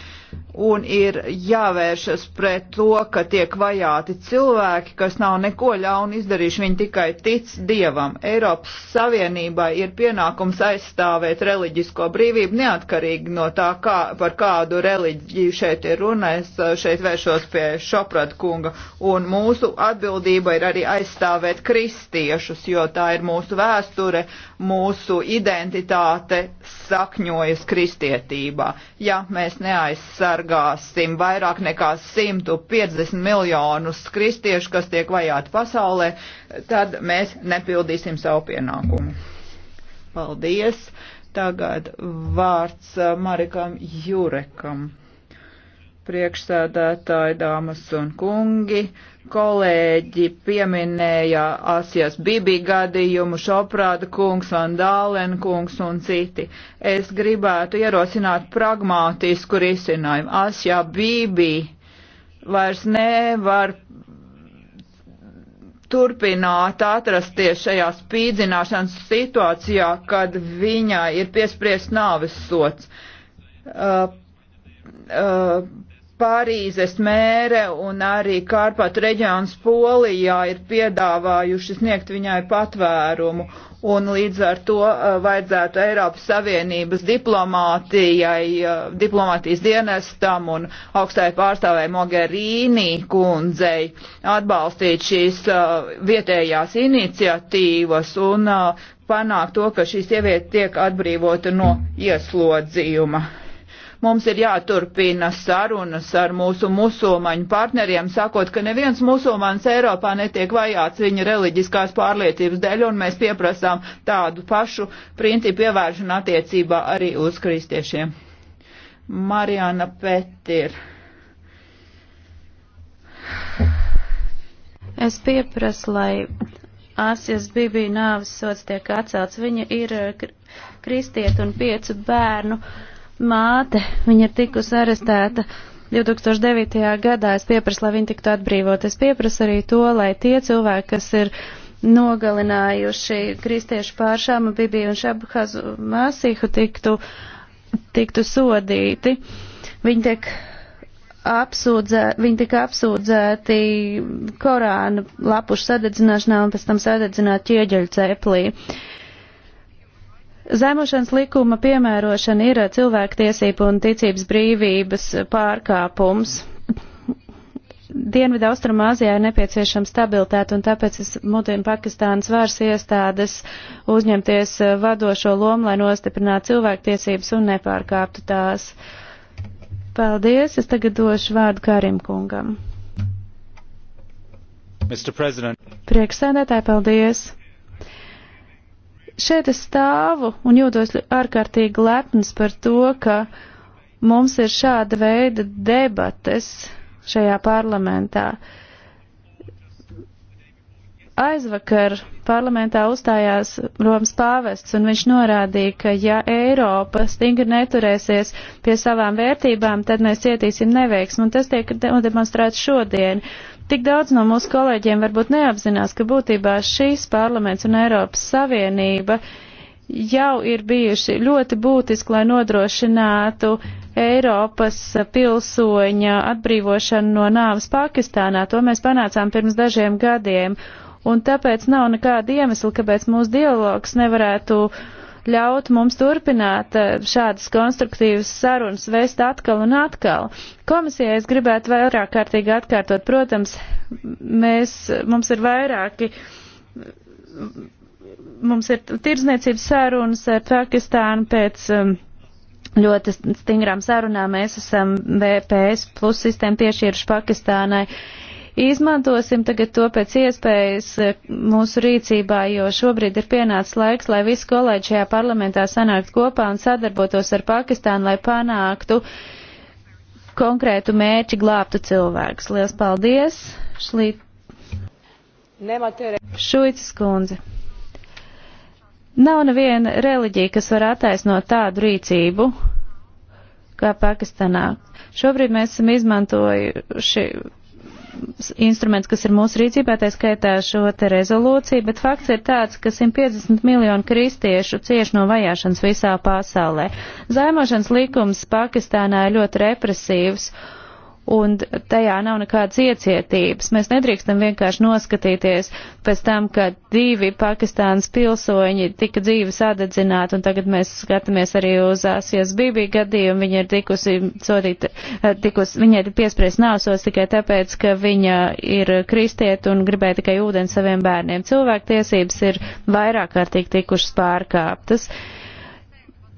un ir jāvēršas pret to, ka tiek vajāti cilvēki, kas nav neko ļaunu izdarījuši, viņi tikai tic Dievam. Eiropas Savienībai ir pienākums aizstāvēt reliģisko brīvību neatkarīgi no tā, kā, par kādu reliģiju šeit ir runa. Es uh, šeit vēršos pie Šoprad kunga, un mūsu atbildība ir arī aizstāvēt kristiešus, jo tā ir mūsu vēsture, mūsu identitāte sakņojas kristietībā ja mēs neaizsargāsim vairāk nekā 150 miljonus kristiešu, kas tiek vajāti pasaulē, tad mēs nepildīsim savu pienākumu. Paldies! Tagad vārds uh, Marikam Jurekam. Priekšsēdētāji, dāmas un kungi! kolēģi pieminēja Asijas Bibi gadījumu, Šoprāda kungs, Vandālen kungs un citi. Es gribētu ierosināt pragmātisku risinājumu. Asijā Bibi vairs nevar turpināt atrasties šajā spīdzināšanas situācijā, kad viņai ir piespriezt nāves sots. Uh, uh, Pārīzes mēre un arī Kārpatu reģions Polijā ir piedāvājuši sniegt viņai patvērumu, un līdz ar to uh, vajadzētu Eiropas Savienības diplomātijai, uh, diplomātijas dienestam un augstai pārstāvē Mogherīnī kundzei atbalstīt šīs uh, vietējās iniciatīvas un panākt to, ka šī sieviete tiek atbrīvota no ieslodzījuma. Mums ir jāturpina sarunas ar mūsu musulmaņu partneriem, sakot, ka neviens musulmanis Eiropā netiek vajāts viņa reliģiskās pārliecības dēļ, un mēs pieprasām tādu pašu principu ievēršanu attiecībā arī uz kristiešiem. Mariana Petir. Es pieprasu, lai Asijas Bībija nāvis sots tiek atcelts. Viņa ir kristiet un piecu bērnu māte, viņa ir tikusi arestēta 2009. gadā. Es pieprasu, lai viņa tiktu atbrīvot. Es pieprasu arī to, lai tie cilvēki, kas ir nogalinājuši kristiešu pāršāmu Bibiju un Šabhazu Māsīhu, tiktu, tiktu sodīti. Viņi tiek apsūdzē, viņi tika apsūdzēti Korāna lapušu sadedzināšanā un pēc tam sadedzināti ķieģeļu ceplī. Uh, Zemošanas likuma piemērošana ir cilvēktiesību un ticības brīvības pārkāpums. Dienvidu Austrumāzijā ir nepieciešama stabilitāte, un tāpēc es mudinu Pakistānas vairs iestādes uzņemties vadošo lomu, lai nostiprinātu cilvēktiesības un nepārkāptu tās. Paldies, es tagad došu vārdu Karim kungam. Priekšsēdētāji, paldies! šeit es stāvu un jūtos ārkārtīgi lepns par to, ka mums ir šāda veida debates šajā parlamentā. Aizvakar parlamentā uzstājās Romas pāvests, un viņš norādīja, ka ja Eiropa stingri neturēsies pie savām vērtībām, tad mēs cietīsim neveiksmu, un tas tiek demonstrēts šodien. Tik daudz no mūsu kolēģiem varbūt neapzinās, ka būtībā šīs parlaments un Eiropas Savienība jau ir bijuši ļoti būtiski, lai nodrošinātu Eiropas pilsoņa atbrīvošanu no nāves Pakistānā. To mēs panācām pirms dažiem gadiem. Un tāpēc nav nekāda iemesla, kāpēc mūsu dialogs nevarētu uh, ļaut mums turpināt eh, šādas konstruktīvas sarunas vēst atkal un atkal. Komisijai es gribētu vairāk kārtīgi atkārtot, protams, mēs, mums ir vairāki, mums ir tirdzniecības sarunas ar Pakistānu pēc um, ļoti stingrām sarunām mēs esam VPS plus sistēmu piešķīruši Pakistānai. Uh, Izmantosim tagad to pēc iespējas e, mūsu rīcībā, jo šobrīd ir pienācis laiks, lai visi kolēģi šajā parlamentā sanāktu kopā un sadarbotos ar Pakistānu, lai panāktu konkrētu mērķi glābtu cilvēkus. Lielas paldies! Šlīt... Šuicis kundze. Nav neviena reliģija, kas var attaisnot tādu rīcību kā Pakistanā. Šobrīd mēs esam izmantojuši instruments, kas ir mūsu rīcībā, tā skaitā šo te rezolūciju, bet fakts ir tāds, ka 150 miljonu kristiešu cieš no vajāšanas visā pasaulē. Zaimošanas likums Pakistānā ir ļoti represīvs un tajā nav nekādas iecietības. Mēs nedrīkstam vienkārši noskatīties pēc tam, ka divi Pakistānas pilsoņi tika dzīvi sadedzināti, un tagad mēs skatāmies arī uz Asijas Bībī gadījumu. Viņa ir tikusi sodīta, eh, tikus, viņa ir piespriezt nāvsos tikai tāpēc, ka viņa ir kristiet un gribēja tikai ūdeni saviem bērniem. Cilvēktiesības ir vairāk kārtīgi tikušas pārkāptas. Uh,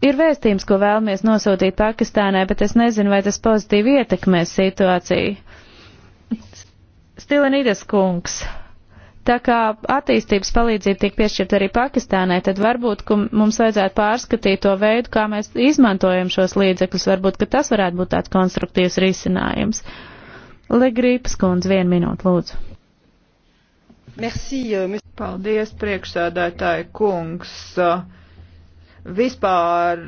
ir vēstījums, ko vēlamies nosūtīt Pakistānai, bet es nezinu, vai tas pozitīvi ietekmēs situāciju. Stilenīdas kungs. Tā kā attīstības palīdzība tiek piešķirta arī Pakistānai, tad varbūt mums vajadzētu pārskatīt to veidu, kā mēs izmantojam šos līdzekļus. Varbūt, ka tas varētu būt tāds konstruktīvs risinājums. Legrīpas kundze, vienu minūtu lūdzu. Merci, euh, Paldies, priekšsēdētāji kungs. Uh, vispār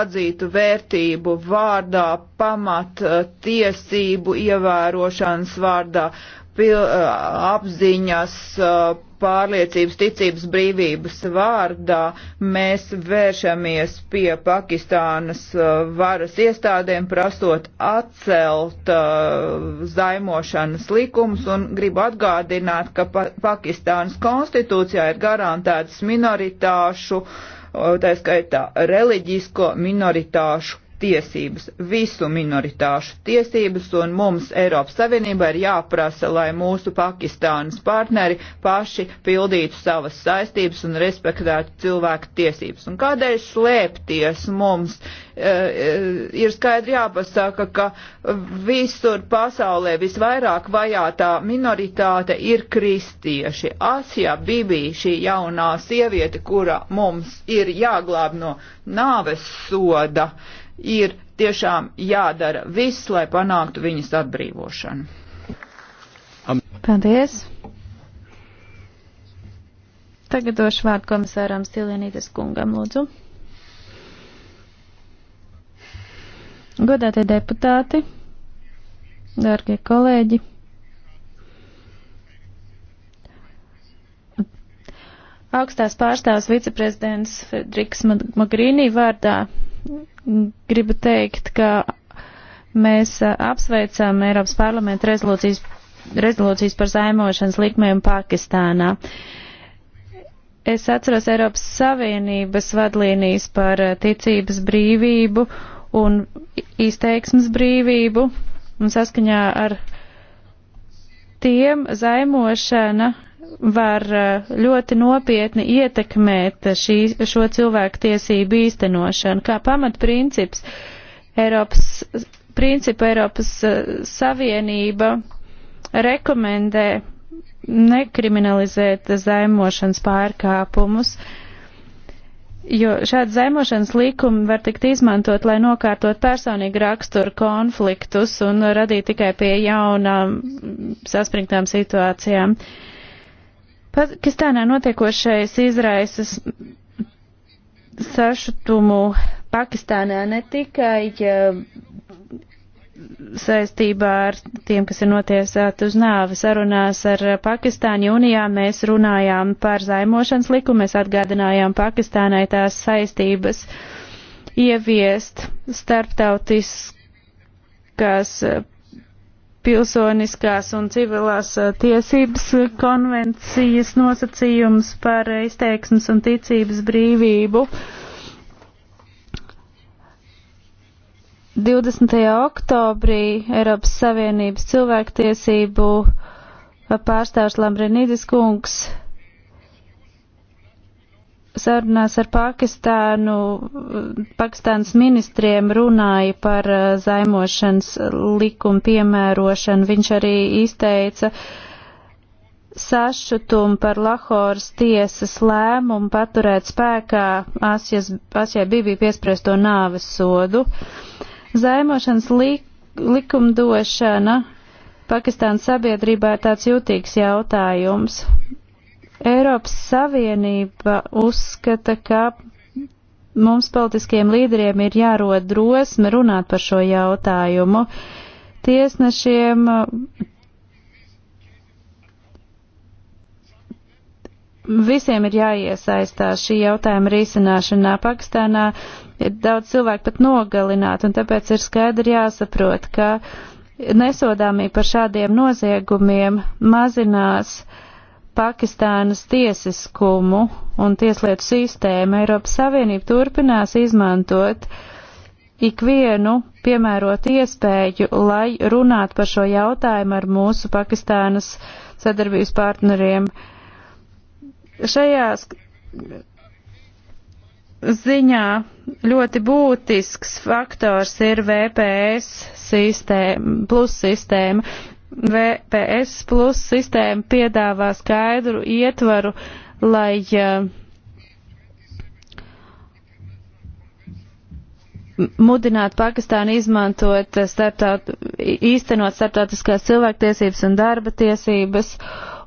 atzītu vērtību vārdā, pamat tiesību ievērošanas vārdā, apziņas, pārliecības, ticības brīvības vārdā mēs vēršamies pie Pakistānas varas iestādēm, prasot atcelt zaimošanas likumus un gribu atgādināt, ka pa Pakistānas konstitūcijā ir garantētas minoritāšu, tā skaitā reliģisko minoritāšu tiesības, visu minoritāšu tiesības, un mums Eiropas Savienībā ir jāprasa, lai mūsu Pakistānas partneri paši pildītu savas saistības un respektētu cilvēku tiesības. Un kādēļ slēpties mums e, e ir skaidri jāpasaka, ka visur pasaulē visvairāk vajātā minoritāte ir kristieši. Asija Bibī, šī jaunā sieviete, kura mums ir jāglāb no nāves soda, uh, ir tiešām jādara viss, lai panāktu viņas atbrīvošanu. Paldies! Tagad došu vārdu komisāram Stilienītes kungam, lūdzu. Godātie deputāti, dārgie kolēģi, augstās pārstāvs viceprezidents Frederiks Magrīnī vārdā gribu teikt, ka mēs apsveicam Eiropas parlamenta rezolūcijas, rezolūcijas par zaimošanas likmēm Pakistānā. Es atceros Eiropas Savienības vadlīnijas par ticības brīvību un izteiksmes brīvību, un saskaņā ar tiem zaimošana var eh, ļoti nopietni ietekmēt šī, šo cilvēku tiesību īstenošanu. Kā pamatprincips Eiropas, principu Eiropas eh, Savienība rekomendē nekriminalizēt zaimošanas pārkāpumus, jo šādi zaimošanas likumi var tikt izmantot, lai nokārtot personīgi raksturu konfliktus un radīt tikai pie jaunām saspringtām situācijām. Uh, Pakistānā notiekošais izraisas sašutumu Pakistānā ne tikai saistībā ar tiem, kas ir notiesāti uz nāvi. Sarunās ar Pakistānu jūnijā mēs runājām par zaimošanas likumu, mēs atgādinājām Pakistānai tās saistības ieviest starptautiskas pilsoniskās un civilās eh, tiesības konvencijas nosacījums par izteiksmes un ticības brīvību. 20. oktobrī Eiropas Savienības cilvēktiesību eh, pārstāvs Lambrinīdis kungs sarunās ar Pakistānu, Pakistānas ministriem runāja par eh, zaimošanas likumu piemērošanu. Viņš arī izteica sašutumu par Lahoras tiesas lēmumu paturēt spēkā Asijas, Asijai Bībī piespriesto nāves sodu. Zaimošanas lik, likumdošana Pakistānas sabiedrībā ir tāds jūtīgs jautājums. Eiropas Savienība uzskata, ka mums politiskiem līderiem ir jārod drosme runāt par šo jautājumu. Tiesnešiem visiem ir jāiesaistās šī jautājuma risināšanā. Pakistānā ir daudz cilvēku pat nogalināti, un tāpēc ir skaidri jāsaprot, ka nesodāmība par šādiem noziegumiem mazinās uh, Pakistānas tiesiskumu un tieslietu sistēmu. Eiropas Savienība turpinās izmantot ikvienu piemērot iespēju, lai runātu par šo jautājumu ar mūsu Pakistānas sadarbības partneriem. Šajās ziņā ļoti būtisks faktors ir VPS sistēma, plus sistēma. VPS plus sistēma piedāvā skaidru ietvaru, lai eh, mudinātu Pakistānu izmantot starptaut, īstenot starptautiskās cilvēktiesības un darba tiesības.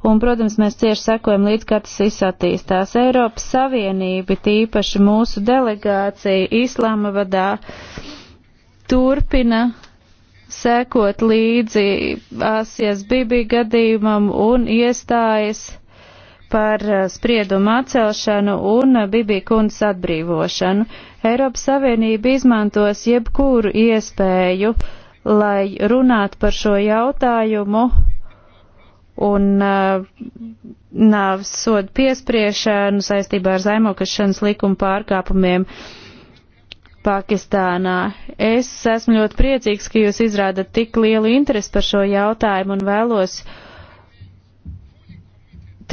Un, protams, mēs cieši sekojam līdz, kā tas viss attīstās. Eiropas Savienība, tīpaši mūsu delegācija Islāma vadā, turpina sekot līdzi Asijas Bibi gadījumam un iestājas par eh, spriedumu atcelšanu un eh, Bibi kundas atbrīvošanu. Eiropas Savienība izmantos jebkuru iespēju, lai runātu par šo jautājumu un uh, eh, nāves sodu piespriešanu saistībā ar zaimokašanas likuma pārkāpumiem. Uh, Pakistānā. Es esmu ļoti priecīgs, ka jūs izrādat tik lielu interesi par šo jautājumu un vēlos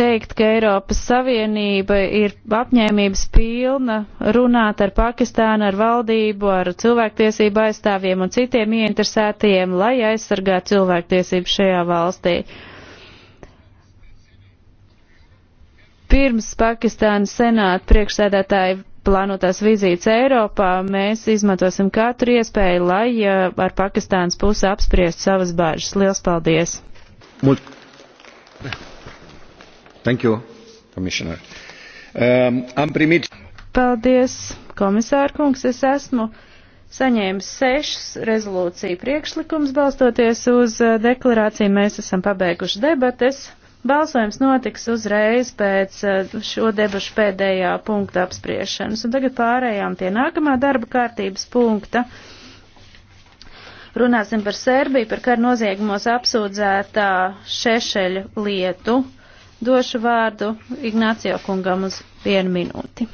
teikt, ka Eiropas Savienība ir apņēmības pilna runāt ar Pakistānu, ar valdību, ar cilvēktiesību aizstāvjiem un citiem ieinteresētajiem, lai aizsargātu cilvēktiesību šajā valstī. Pirms Pakistānas senāta priekšsēdētāji plānotās vizītes Eiropā, mēs izmantosim katru iespēju, lai ar Pakistānas pusi apspriest savas bāžas. Liels paldies! Mult. Thank you, Commissioner. Um, am primit. Paldies, komisārkungs. Es esmu saņēmis sešas rezolūciju priekšlikums, balstoties uz uh, deklarāciju. Mēs esam pabeiguši debates. Balsojums notiks uzreiz pēc eh, šo debašu pēdējā punkta apspriešanas. Un tagad pārējām pie nākamā darba kārtības punkta. Runāsim par Serbiju, par kara noziegumos apsūdzētā šešeļu lietu. Došu vārdu Ignācijā kungam uz vienu minūti.